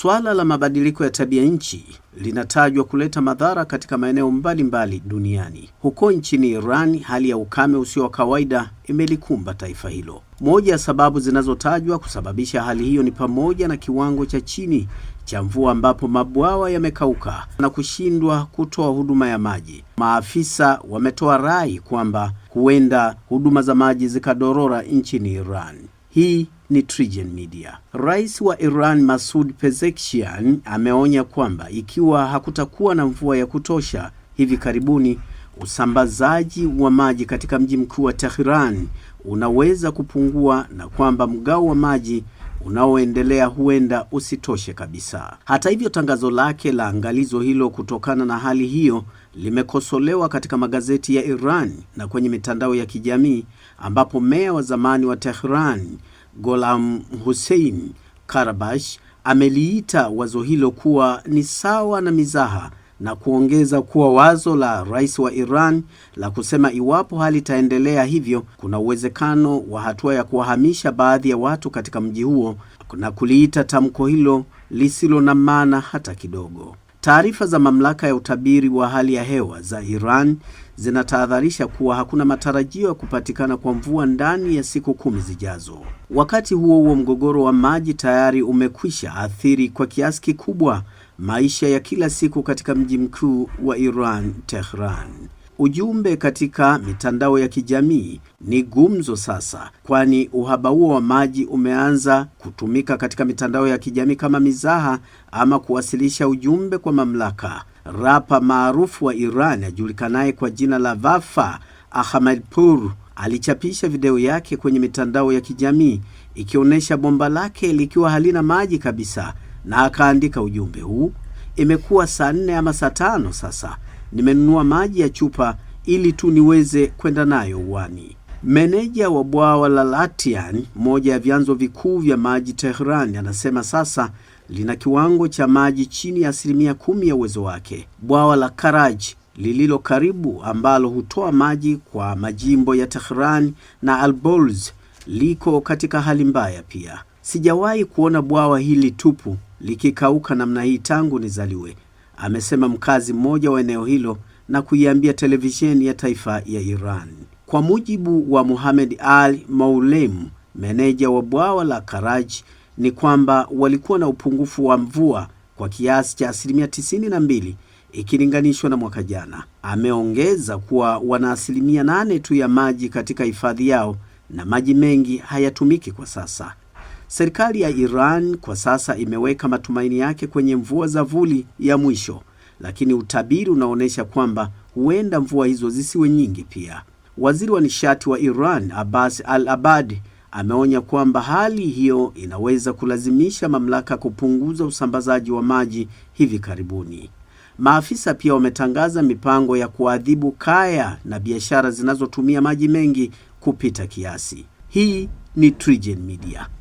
Swala la mabadiliko ya tabia nchi linatajwa kuleta madhara katika maeneo mbalimbali duniani. Huko nchini Iran, hali ya ukame usio wa kawaida imelikumba taifa hilo. Moja ya sababu zinazotajwa kusababisha hali hiyo ni pamoja na kiwango cha chini cha mvua ambapo mabwawa yamekauka na kushindwa kutoa huduma ya maji. Maafisa wametoa rai kwamba huenda huduma za maji zikadorora nchini Iran. Hii ni TriGen Media. Rais wa Iran Masoud Pezeshkian ameonya kwamba ikiwa hakutakuwa na mvua ya kutosha hivi karibuni, usambazaji wa maji katika mji mkuu wa Tehran unaweza kupungua na kwamba mgao wa maji unaoendelea huenda usitoshe kabisa. Hata hivyo, tangazo lake la angalizo hilo kutokana na hali hiyo limekosolewa katika magazeti ya Iran na kwenye mitandao ya kijamii, ambapo meya wa zamani wa Tehran golam Hussein Karabash ameliita wazo hilo kuwa ni sawa na mizaha na kuongeza kuwa wazo la rais wa Iran la kusema iwapo hali itaendelea hivyo, kuna uwezekano wa hatua ya kuwahamisha baadhi ya watu katika mji huo na kuliita tamko hilo lisilo na maana hata kidogo. Taarifa za mamlaka ya utabiri wa hali ya hewa za Iran zinatahadharisha kuwa hakuna matarajio ya kupatikana kwa mvua ndani ya siku kumi zijazo. Wakati huo huo, mgogoro wa maji tayari umekwisha athiri kwa kiasi kikubwa maisha ya kila siku katika mji mkuu wa Iran, Tehran. Ujumbe katika mitandao ya kijamii ni gumzo sasa, kwani uhaba huo wa maji umeanza kutumika katika mitandao ya kijamii kama mizaha ama kuwasilisha ujumbe kwa mamlaka. Rapa maarufu wa Iran ajulikanaye kwa jina la Vafa Ahmadpour alichapisha video yake kwenye mitandao ya kijamii ikionyesha bomba lake likiwa halina maji kabisa, na akaandika ujumbe huu: imekuwa saa nne ama saa tano sasa nimenunua maji ya chupa ili tu niweze kwenda nayo uwani. Meneja wa bwawa la Latian, moja ya vyanzo vikuu vya maji Tehran, anasema sasa lina kiwango cha maji chini ya asilimia kumi ya uwezo wake. Bwawa la Karaj lililo karibu ambalo hutoa maji kwa majimbo ya Tehran na Alborz liko katika hali mbaya pia. Sijawahi kuona bwawa hili tupu likikauka namna hii tangu nizaliwe, amesema mkazi mmoja wa eneo hilo na kuiambia televisheni ya taifa ya Iran. Kwa mujibu wa muhamed Ali Maulem, meneja wa bwawa la Karaj, ni kwamba walikuwa na upungufu wa mvua kwa kiasi cha asilimia tisini na mbili ikilinganishwa na mwaka jana. Ameongeza kuwa wana asilimia nane tu ya maji katika hifadhi yao na maji mengi hayatumiki kwa sasa. Serikali ya Iran kwa sasa imeweka matumaini yake kwenye mvua za vuli ya mwisho, lakini utabiri unaonyesha kwamba huenda mvua hizo zisiwe nyingi pia. Waziri wa nishati wa Iran Abbas Al-Abadi ameonya kwamba hali hiyo inaweza kulazimisha mamlaka kupunguza usambazaji wa maji hivi karibuni. Maafisa pia wametangaza mipango ya kuadhibu kaya na biashara zinazotumia maji mengi kupita kiasi. Hii ni TriGen Media.